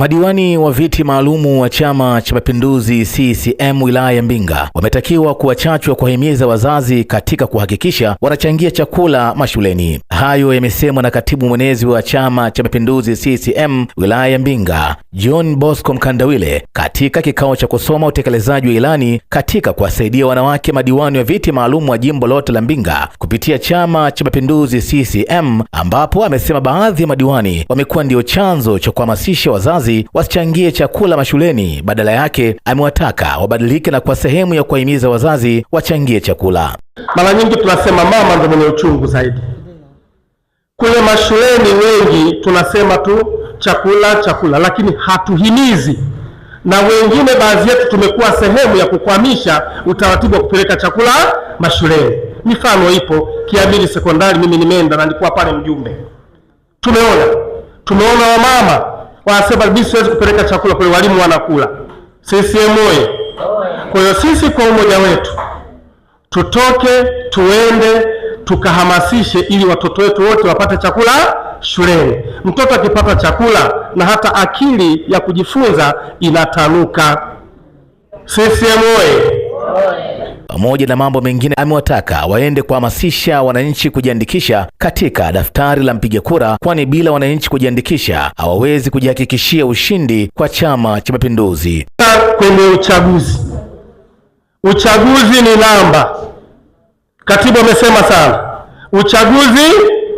Madiwani wa viti maalumu wa Chama cha Mapinduzi CCM wilaya ya Mbinga wametakiwa kuwachachwa kuwahimiza wazazi katika kuhakikisha wanachangia chakula mashuleni. Hayo yamesemwa na katibu mwenezi wa Chama cha Mapinduzi CCM wilaya ya Mbinga John Bosco Mkandawile katika kikao cha kusoma utekelezaji wa ilani katika kuwasaidia wanawake madiwani wa viti maalumu wa jimbo lote la Mbinga kupitia Chama cha Mapinduzi CCM, ambapo amesema baadhi ya madiwani wamekuwa ndio chanzo cha kuhamasisha wazazi wazazi wasichangie chakula mashuleni. Badala yake, amewataka wabadilike na kwa sehemu ya kuwahimiza wazazi wachangie chakula. Mara nyingi tunasema mama ndo mwenye uchungu zaidi kule mashuleni. Wengi tunasema tu chakula chakula, lakini hatuhimizi na wengine baadhi yetu tumekuwa sehemu ya kukwamisha utaratibu wa kupeleka chakula mashuleni. Mifano ipo Kiamili Sekondari, mimi nimeenda na nilikuwa pale mjumbe. Tumeona tumeona wamama wanasema bibi, siwezi kupeleka chakula kule, walimu wanakula. CCM oye! Kwa hiyo sisi kwa umoja wetu tutoke tuende tukahamasishe, ili watoto wetu wote wapate chakula shuleni. Mtoto akipata chakula na hata akili ya kujifunza inatanuka. CCM oye! pamoja na mambo mengine, amewataka waende kuhamasisha wananchi kujiandikisha katika daftari la mpiga kura, kwani bila wananchi kujiandikisha hawawezi kujihakikishia ushindi kwa Chama cha Mapinduzi kwenye uchaguzi. Uchaguzi ni namba, katibu amesema sana, uchaguzi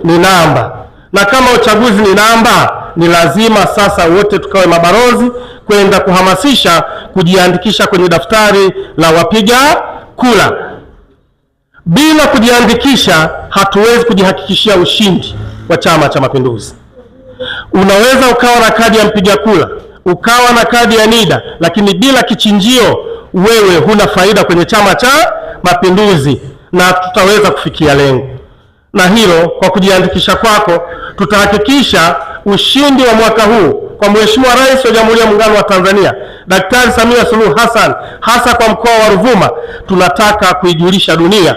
ni namba, na kama uchaguzi ni namba ni lazima sasa wote tukawe mabalozi kwenda kuhamasisha kujiandikisha kwenye daftari la wapiga kula. Bila kujiandikisha hatuwezi kujihakikishia ushindi wa Chama cha Mapinduzi. Unaweza ukawa na kadi ya mpiga kura, ukawa na kadi ya NIDA, lakini bila kichinjio wewe huna faida kwenye Chama cha Mapinduzi, na tutaweza kufikia lengo. Na hilo kwa kujiandikisha kwako tutahakikisha ushindi wa mwaka huu kwa Mheshimiwa Rais wa Jamhuri ya Muungano wa Tanzania Daktari Samia Suluhu Hassan, hasa kwa mkoa wa Ruvuma, tunataka kuijulisha dunia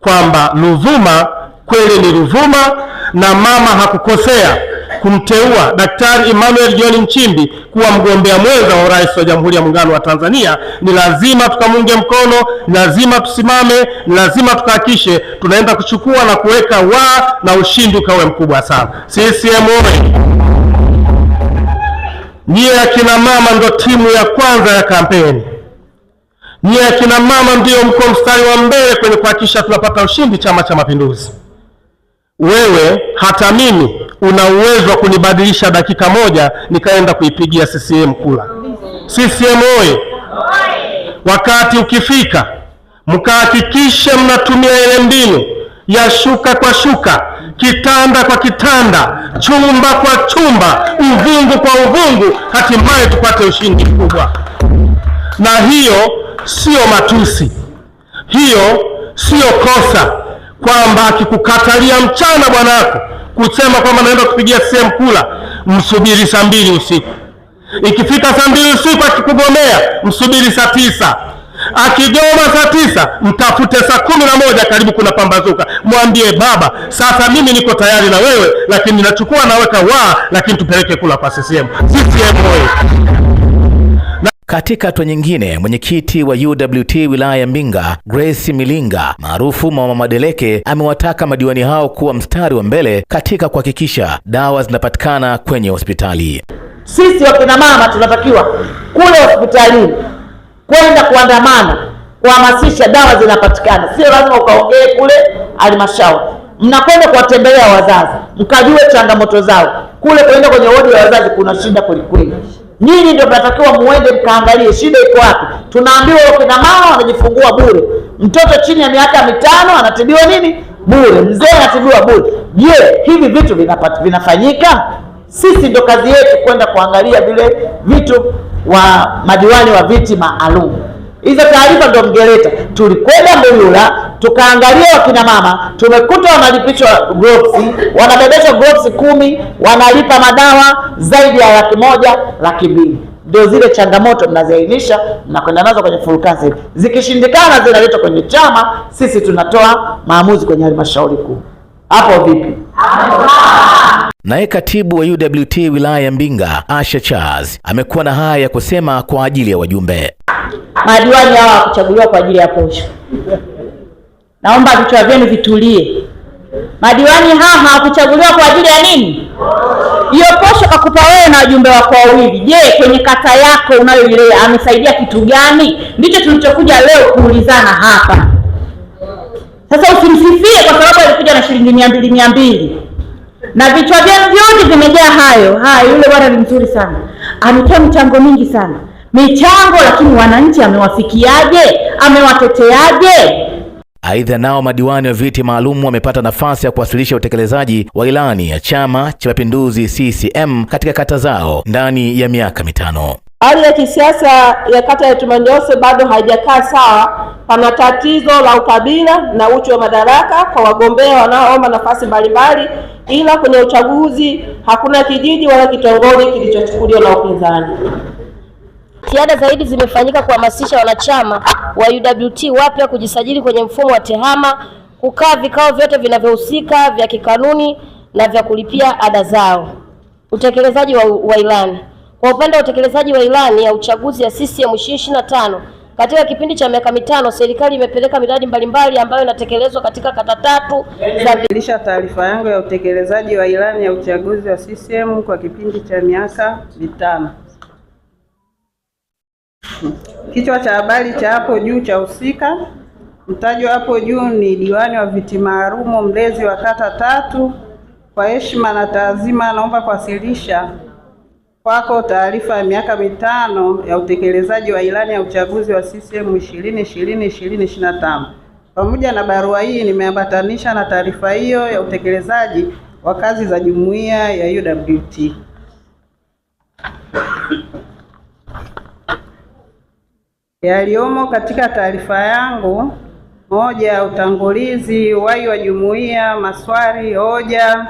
kwamba Ruvuma kweli ni Ruvuma na mama hakukosea kumteua Daktari Emmanuel John Nchimbi kuwa mgombea mwenza wa urais wa Jamhuri ya Muungano wa Tanzania. Ni lazima tukamunge mkono, ni lazima tusimame, ni lazima tukahakishe tunaenda kuchukua na kuweka wa na ushindi ukawe mkubwa sana. CCM Nyie akina mama ndo timu ya kwanza ya kampeni. Nyie akina mama ndiyo mko mstari wa mbele kwenye kuhakikisha tunapata ushindi Chama cha Mapinduzi. Wewe hata mimi una uwezo wa kunibadilisha dakika moja nikaenda kuipigia CCM kula. CCM oye! Wakati ukifika, mkahakikishe mnatumia ile mbinu ya shuka kwa shuka kitanda kwa kitanda, chumba kwa chumba, uvungu kwa uvungu, hatimaye tupate ushindi mkubwa. Na hiyo siyo matusi, hiyo siyo kosa, kwamba akikukatalia mchana bwanako kusema kwamba naenda kupigia sehemu kula, msubiri saa mbili usiku. Ikifika saa mbili usiku akikugomea, msubiri saa tisa. Akigoma saa tisa, mtafute saa kumi na moja karibu kuna pambazuka, mwambie baba, sasa mimi niko tayari na wewe, lakini ninachukua naweka waa, lakini tupeleke kula kwa CCM. Katika hatua nyingine, mwenyekiti wa UWT wilaya ya Mbinga Grace Milinga maarufu Mama Madeleke amewataka madiwani hao kuwa mstari wa mbele katika kuhakikisha dawa zinapatikana kwenye hospitali. Sisi wakina mama tunatakiwa kule hospitalini kwenda kuandamana kuhamasisha dawa zinapatikana, sio lazima ukaongee kule halmashauri. Mnakwenda kuwatembelea wazazi, mkajue changamoto zao. Kule kuenda kwenye wodi ya wazazi kuna shida kwelikweli. Nyinyi ndio mnatakiwa muende mkaangalie shida iko wapi. Tunaambiwa wakina mama wanajifungua bure, mtoto chini ya miaka mitano anatibiwa nini bure, mzee anatibiwa bure. Je, hivi vitu vinafanyika? Sisi ndio kazi yetu kwenda kuangalia vile vitu wa madiwani wa viti maalum. Hizo taarifa ndio mgeleta, tulikwenda Mbuyula tukaangalia wakina mama, tumekuta wanalipishwa groups, wanabebeshwa groups kumi, wanalipa madawa zaidi ya laki moja, laki mbili. Ndio zile changamoto mnaziainisha mnakwenda nazo kwenye full council, zikishindikana zinaletwa kwenye chama, sisi tunatoa maamuzi kwenye halmashauri kuu. Hapo vipi? Naye katibu wa UWT wilaya ya Mbinga Asha Charles amekuwa na haya ya kusema kwa ajili ya wajumbe. Madiwani hawa hawakuchaguliwa kwa ajili ya posho, naomba vichwa vyenu vitulie. Madiwani hawa hawakuchaguliwa kwa ajili ya nini? Hiyo posho kakupa wewe na wajumbe wako wawili. Je, kwenye kata yako unayoilea amesaidia kitu gani? Ndicho tulichokuja leo kuulizana hapa. Sasa usimsifie kwa sababu alikuja na shilingi mia mbili mia mbili na vichwa vyenu vyote vimejaa hayo haya. Yule bwana ni mzuri sana, ametoa michango mingi sana michango, lakini wananchi amewafikiaje? Amewateteaje? Aidha, nao madiwani wa viti maalum wamepata nafasi ya kuwasilisha utekelezaji wa ilani ya Chama cha Mapinduzi CCM katika kata zao ndani ya miaka mitano. Hali ya kisiasa ya kata ya Tumandose bado haijakaa sawa. Pana tatizo la ukabila na uchu wa madaraka kwa wagombea wanaoomba nafasi mbalimbali, ila kwenye uchaguzi hakuna kijiji wala kitongoji kilichochukuliwa na upinzani. Jitihada zaidi zimefanyika kuhamasisha wanachama wa UWT wapya kujisajili kwenye mfumo wa TEHAMA, kukaa vikao vyote vinavyohusika vya kikanuni na vya kulipia ada zao, utekelezaji wa, wa ilani kwa upande wa utekelezaji wa ilani ya uchaguzi ya CCM 2025 katika kipindi cha miaka mitano serikali imepeleka miradi mbalimbali ambayo inatekelezwa katika kata tatu. Nilisha taarifa yangu ya utekelezaji wa ilani ya uchaguzi wa CCM kwa kipindi cha miaka mitano. Kichwa cha habari cha hapo juu cha husika mtajwa hapo juu ni diwani wa viti maalumu mlezi wa kata tatu. Kwa heshima na taazima naomba kuwasilisha kwako taarifa ya miaka mitano ya utekelezaji wa ilani ya uchaguzi wa CCM 2020 2025. Pamoja na barua hii nimeambatanisha na taarifa hiyo ya utekelezaji wa kazi za jumuiya ya UWT. Yaliyomo katika taarifa yangu: moja, utangulizi, wai wa jumuiya, maswali, hoja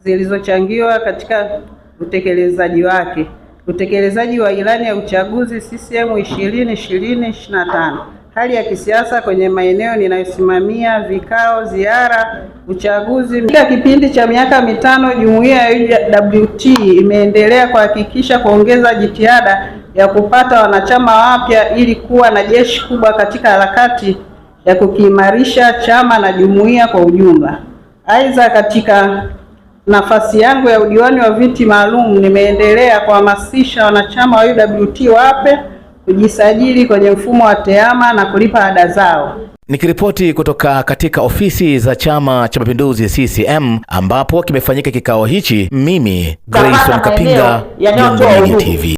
zilizochangiwa katika utekelezaji wake. Utekelezaji wa ilani ya uchaguzi CCM 2020 2025. Hali ya kisiasa kwenye maeneo ninayosimamia: vikao, ziara, uchaguzi. Katika kipindi cha miaka mitano, jumuiya ya UWT imeendelea kuhakikisha kuongeza jitihada ya kupata wanachama wapya ili kuwa na jeshi kubwa katika harakati ya kukiimarisha chama na jumuiya kwa ujumla. Aidha, katika nafasi yangu ya udiwani wa viti maalum, nimeendelea kuhamasisha wanachama wa UWT wape kujisajili kwenye mfumo wa TEHAMA na kulipa ada zao. Nikiripoti kutoka katika ofisi za Chama cha Mapinduzi CCM ambapo kimefanyika kikao hichi, mimi Grayson Kapinga, Jungu TV.